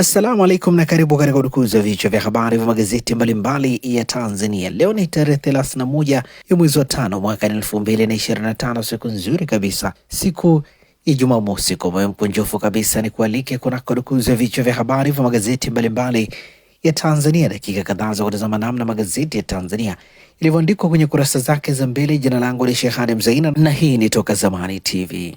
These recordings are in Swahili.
Assalamu alaikum na karibu katika udukuzi wa vichwa vya habari vya magazeti mbalimbali ya Tanzania. Leo ni tarehe 31 ya mwezi wa tano mwaka 2025, siku nzuri kabisa, siku ya Jumamosi. Kwa moyo mkunjufu kabisa ni kualike kunako udukuzi wa vichwa vya habari vya magazeti mbalimbali ya Tanzania, dakika kadhaa za kutazama namna magazeti ya Tanzania ilivyoandikwa kwenye kurasa zake za mbele. Jina langu ni Shehani Mzaina na hii ni Toka Zamani TV.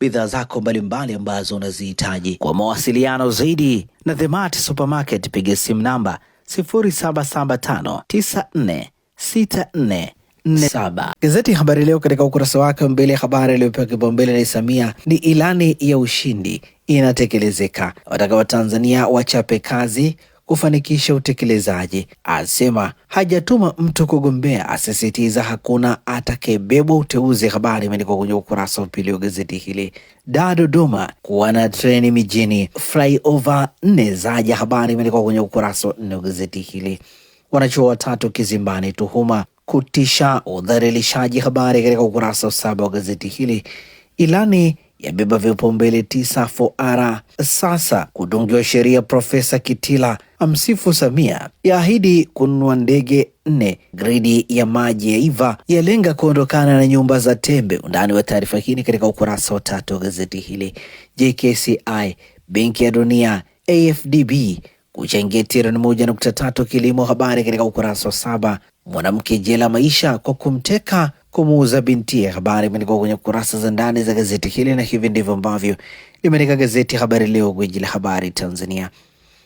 bidhaa zako mbalimbali ambazo unazihitaji. Kwa mawasiliano zaidi na The Mart Supermarket, piga simu namba 0775946447. Gazeti Habari Leo katika ukurasa wake mbele ya habari iliyopewa kipaumbele na Samia ni ilani ya ushindi inatekelezeka, wataka Watanzania wachape kazi kufanikisha utekelezaji. Asema hajatuma mtu kugombea, asisitiza hakuna atakayebebwa uteuzi. Habari imeandikwa kwenye ukurasa wa pili wa gazeti hili. Da Dodoma kuwa na treni mijini, flyover nne zaja. Habari imeandikwa kwenye ukurasa wa nne wa gazeti hili. Wanachuo watatu kizimbani, tuhuma kutisha udhalilishaji. Habari katika ukurasa wa saba wa gazeti hili. Ilani yabeba vipaumbele tisa foara sasa kutungiwa sheria. Profesa Kitila amsifu Samia, yaahidi kununua ndege nne. Gridi ya maji ya iva yalenga kuondokana na nyumba za tembe. Undani wa taarifa hii katika ukurasa wa tatu wa gazeti hili. JKCI, Benki ya Dunia, AFDB kuchangia trilioni moja nukta tatu kilimo. Habari katika ukurasa wa saba. Mwanamke jela maisha kwa kumteka kumuuza binti ya habari imeandikwa kwenye kurasa za ndani za gazeti hili, na hivi ndivyo ambavyo limeandika gazeti Habari Leo, gwiji la habari Tanzania,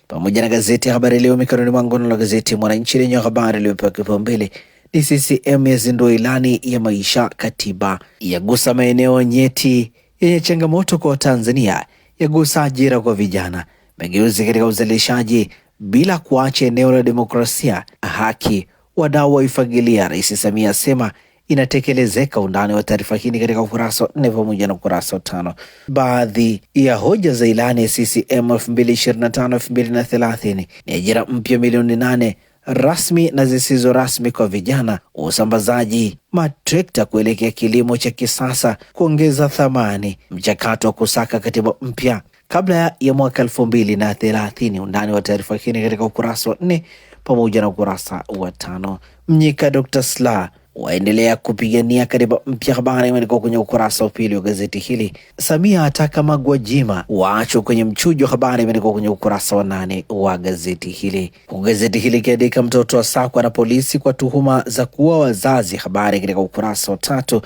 pamoja na gazeti ya Habari Leo mikononi mwangu. Nalo gazeti Mwananchi lenye habari iliyopewa kipaumbele ni CCM yazindua ilani ya maisha, katiba yagusa maeneo nyeti yenye changamoto kwa Tanzania, yagusa ajira kwa vijana, mageuzi katika uzalishaji bila kuacha eneo la demokrasia, haki, wadau waifagilia. Rais Samia asema inatekelezeka. Undani wa taarifa hii ni katika ukurasa wa nne pamoja na ukurasa wa tano. Baadhi ya hoja za ilani ya CCM 2025 2030 ni ajira mpya milioni nane rasmi na zisizo rasmi kwa vijana, usambazaji matrekta kuelekea kilimo cha kisasa, kuongeza thamani, mchakato wa kusaka katiba mpya kabla ya mwaka elfu mbili na thelathini. Undani wa taarifa hii katika ukurasa wa nne pamoja na ukurasa wa tano. Mnyika Dr. Slaa waendelea kupigania katiba mpya. Habari imeandikwa kwenye ukurasa wa pili wa gazeti hili. Samia ataka magwajima waachwe kwenye mchujo. Habari imeandikwa kwenye ukurasa wa nane wa gazeti hili, huku gazeti hili ikiandika mtoto sakwa na polisi kwa tuhuma za kuua wazazi. Habari katika ukurasa wa tatu.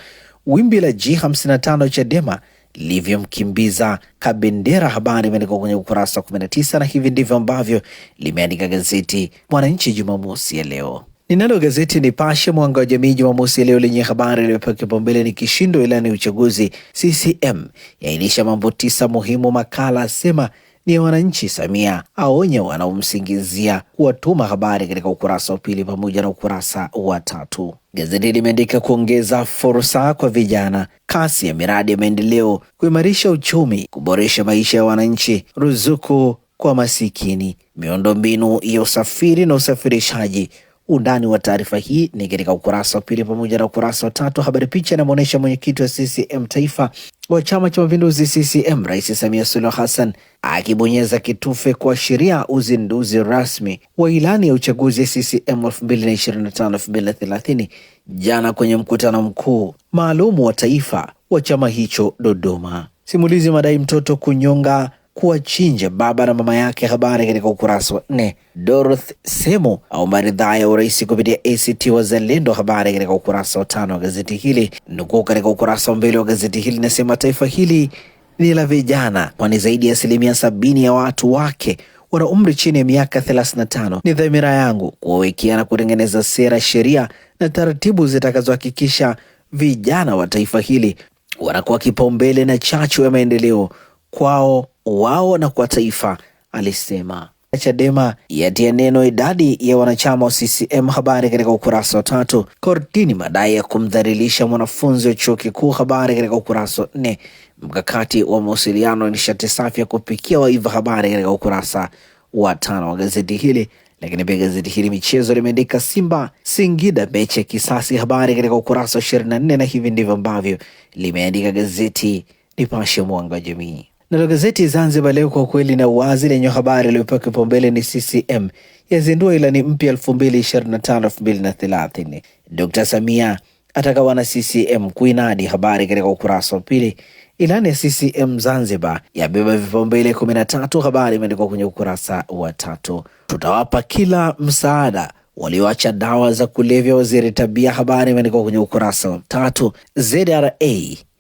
Wimbi la G55 Chadema livyomkimbiza Kabendera. Habari imeandikwa kwenye ukurasa wa 19, na hivi ndivyo ambavyo limeandika gazeti Mwananchi Jumamosi ya leo. Ninalo gazeti Nipashe Mwanga wa Jamii Jumamosi leo lenye habari iliyopewa kipaumbele ni kishindo ilani ya uchaguzi CCM yaainisha mambo tisa muhimu. Makala asema ni ya wananchi, Samia aonya wanaomsingizia kuwatuma habari katika ukurasa wa pili pamoja na ukurasa wa tatu. Gazeti limeandika kuongeza fursa kwa vijana, kasi ya miradi ya maendeleo, kuimarisha uchumi, kuboresha maisha ya wananchi, ruzuku kwa masikini, miundombinu ya usafiri na usafirishaji Undani wa taarifa hii ni katika ukurasa wa pili pamoja na ukurasa wa tatu. Habari picha inamwonyesha mwenyekiti wa CCM taifa wa Chama cha Mapinduzi CCM Rais Samia Suluhu Hassan akibonyeza kitufe kuashiria uzinduzi rasmi wa ilani ya uchaguzi ya CCM 2025-2030 jana kwenye mkutano mkuu maalumu wa taifa wa chama hicho Dodoma. Simulizi madai mtoto kunyonga kuwachinja baba na mama yake. Habari katika ukurasa wa nne. Dorothy Semu aomba ridhaa ya urais kupitia ACT Wazalendo. Habari katika ukurasa wa tano wa gazeti hili. Nukuu katika ukurasa wa mbele wa gazeti hili inasema taifa hili ni la vijana, kwani zaidi ya asilimia sabini ya watu wake wana umri chini ya miaka 35. Ni dhamira yangu kuwawekea na kutengeneza sera, sheria na taratibu zitakazohakikisha vijana wa taifa hili wanakuwa kipaumbele na chachu ya maendeleo kwao wao na kwa taifa, alisema. Chadema yatia neno idadi ya wanachama wa CCM. Habari katika ukurasa wa tatu. Kordini madai ya kumdhalilisha mwanafunzi wa chuo kikuu. Habari katika ukurasa wa nne. Mkakati wa mawasiliano ni nishati safi ya kupikia waiva. Habari katika ukurasa wa tano wa gazeti hili. Lakini pia gazeti hili michezo limeandika Simba Singida mechi ya kisasi. Habari katika ukurasa wa 24, na hivi ndivyo ambavyo limeandika gazeti Nipashe, mwanga wa jamii. Nalo gazeti Zanzibar Leo kwa kweli na uwazi lenye habari iliyopewa kipaumbele ni CCM yazindua ilani mpya 2025-2030. Dr. Samia ataka wana CCM kuinadi, habari katika ukurasa wa pili. Ilani ya CCM Zanzibar yabeba vipaumbele 13, habari imeandikwa kwenye ukurasa wa tatu. Tutawapa kila msaada walioacha dawa za kulevya, waziri tabia, habari imeandikwa kwenye ukurasa wa tatu. ZRA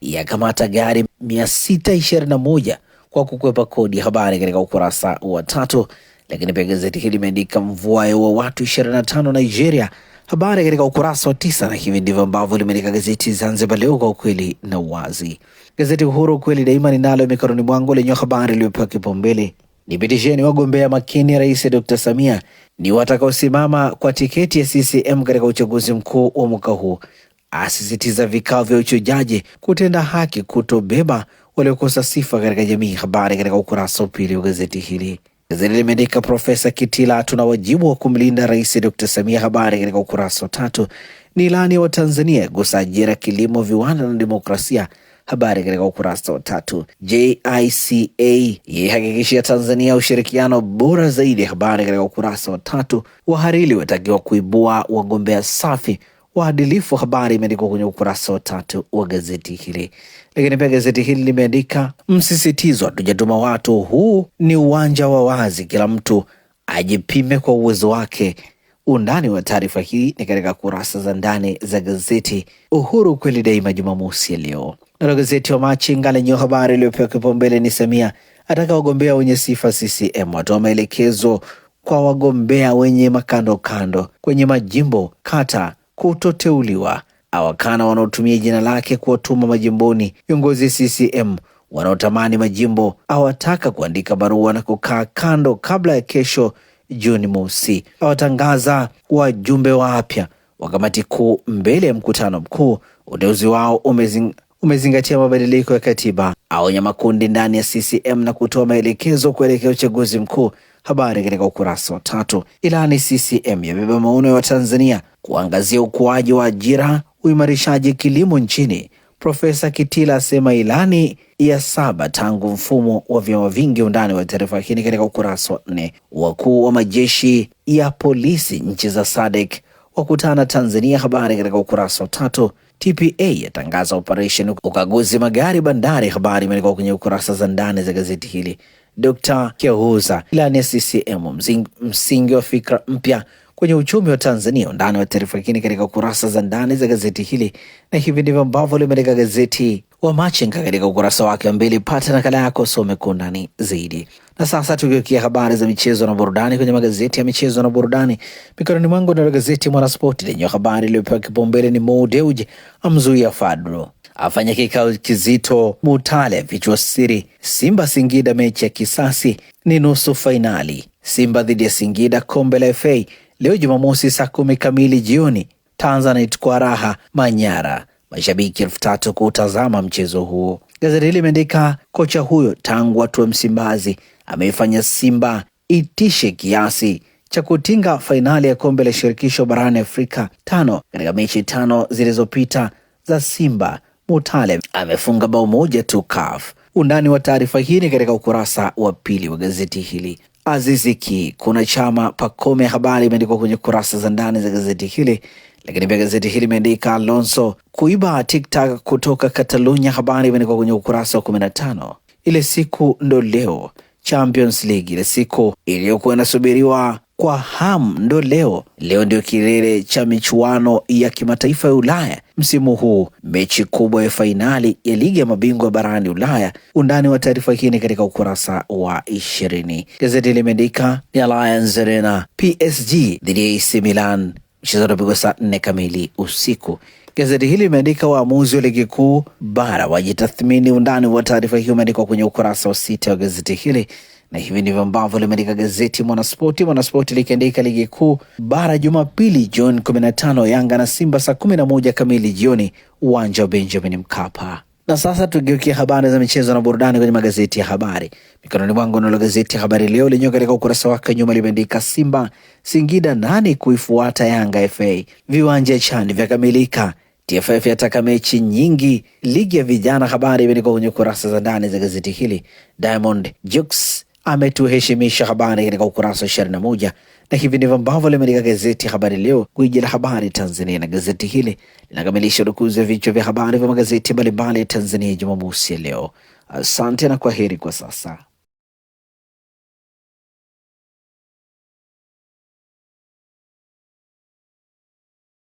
yakamata gari 621 kwa kukwepa kodi ya habari katika ukurasa wa tatu. Lakini pia gazeti hili limeandika mvua ya watu 25 Nigeria, habari katika ukurasa wa tisa, na hivi ndivyo ambavyo limeandika gazeti Zanzibar Leo kwa ukweli na uwazi. Gazeti Uhuru ukweli daima ninalo mikononi mwangu lenye habari iliyopewa kipaumbele nipitisheni wagombea makini Rais Dr Samia ni watakaosimama kwa tiketi ya CCM katika uchaguzi mkuu wa mwaka huu asisitiza vikao vya uchujaji kutenda haki, kutobeba waliokosa sifa katika jamii. Habari katika ukurasa wa pili wa gazeti hili. Gazeti limeandika Profesa Kitila, tuna wajibu wa kumlinda Rais Dr Samia. Habari katika ukurasa wa tatu. Ni ilani ya Watanzania gusa ajira, kilimo, viwanda na demokrasia. Habari katika ukurasa wa tatu. JICA yaihakikishia Tanzania ushirikiano bora zaidi. Habari katika ukurasa wa tatu. Wahariri watakiwa kuibua wagombea safi waadilifu. Habari imeandikwa kwenye ukurasa wa tatu wa gazeti hili, lakini pia gazeti hili limeandika msisitizo, hatujatuma watu, huu ni uwanja wa wazi, kila mtu ajipime kwa uwezo wake. Undani wa taarifa hii ni katika kurasa za ndani za gazeti Uhuru kweli daima, Jumamosi ya leo. Nalo gazeti wa Machinga lenye habari iliyopewa kipaumbele ni Samia ataka wagombea wenye sifa CCM watoa maelekezo kwa wagombea wenye makando kando kwenye majimbo, kata kutoteuliwa, awakana wanaotumia jina lake kuwatuma majimboni viongozi CCM wanaotamani majimbo, awataka kuandika barua na kukaa kando kabla ya kesho Juni mosi, awatangaza wajumbe wapya wa kamati kuu mbele ya mkutano mkuu. Uteuzi wao umezing, umezingatia mabadiliko ya katiba, aonya makundi ndani ya CCM na kutoa maelekezo kuelekea uchaguzi mkuu. Habari katika ukurasa wa tatu. Ilani CCM yabeba maono ya Watanzania kuangazia ukuaji wa ajira, uimarishaji kilimo nchini. Profesa Kitila asema ilani ya saba tangu mfumo wa vyama vingi. Undani wa taarifa hii katika ukurasa wa nne. Wakuu wa majeshi ya polisi nchi za SADC wakutana Tanzania, habari katika ukurasa wa tatu. TPA yatangaza operesheni ukaguzi magari bandari, habari imeandikwa kwenye ukurasa za ndani za gazeti hili. Dr. kehuza ilani ya CCM msingi wa fikra mpya kwenye uchumi wa Tanzania. Undani wa taarifa nyingine katika kurasa za ndani za gazeti hili, na hivi ndivyo ambavyo limeandika gazeti wa Machinga katika ukurasa wake wa mbili. Pata nakala yako usome kwa undani zaidi. Na sasa tugeukia habari za michezo na burudani kwenye magazeti ya michezo na burudani mikononi mwangu. Nalo gazeti Mwanaspoti lenye habari iliyopewa kipaumbele ni Mo Dewji amzuia Fadlu afanya kikao kizito, Mutale vichwa siri, Simba Singida mechi ya kisasi, ni nusu fainali, Simba dhidi ya Singida kombe la FA leo Jumamosi saa kumi kamili jioni Tanzanite kwa raha Manyara, mashabiki elfu tatu kutazama mchezo huo. Gazeti hili limeandika kocha huyo tangu atue Msimbazi ameifanya Simba itishe kiasi cha kutinga fainali ya kombe la shirikisho barani Afrika tano katika mechi tano zilizopita za Simba. Mutale amefunga bao moja tu. CAF. Undani wa taarifa hii ni katika ukurasa wa pili wa gazeti hili. Aziziki. Kuna chama Pakome, habari imeandikwa kwenye kurasa za ndani za gazeti hili, lakini pia gazeti hili imeandika Alonso kuiba TikTok kutoka Catalunya, habari imeandikwa kwenye ukurasa wa kumi na tano. Ile siku ndo leo Champions League, ile siku iliyokuwa inasubiriwa kwa ham ndo leo. Leo ndio kilele cha michuano ya kimataifa ya Ulaya msimu huu, mechi kubwa ya fainali ya ligi ya mabingwa barani Ulaya. Undani wa taarifa hii ni katika ukurasa wa ishirini. Gazeti limeandika ni Allianz Arena, PSG dhidi ya AC Milan, mchezo unapigwa saa nne kamili usiku. Gazeti hili limeandika waamuzi wa ligi kuu bara wajitathmini. Undani wa taarifa hii umeandikwa kwenye ukurasa wa sita wa gazeti hili na hivi ndivyo ambavyo limeandika gazeti Mwanaspoti. Mwanaspoti likiandika ligi kuu bara Jumapili Juni 15, Yanga na Simba saa 11 kamili jioni, uwanja wa Benjamin Mkapa. Na sasa tugeukia habari za michezo na burudani kwenye magazeti ya habari mikononi mwangu. Nalo gazeti ya Habari Leo lenyewe katika ukurasa wake nyuma limeandika Simba Singida nani kuifuata Yanga FA, viwanja chani vyakamilika, TFF yataka mechi nyingi, ligi ya vijana. Habari imeandikwa kwenye kurasa za ndani za gazeti hili. Diamond Jukes ametuheshimisha. Habari katika ukurasa wa ishirini na moja na hivi ndivyo ambavyo limeandika gazeti Habari Leo, gwiji la habari Tanzania, na gazeti hili linakamilisha urukuzi wa vichwa vya habari vya magazeti mbalimbali ya Tanzania Jumamosi ya leo. Asante na kwaheri kwa sasa.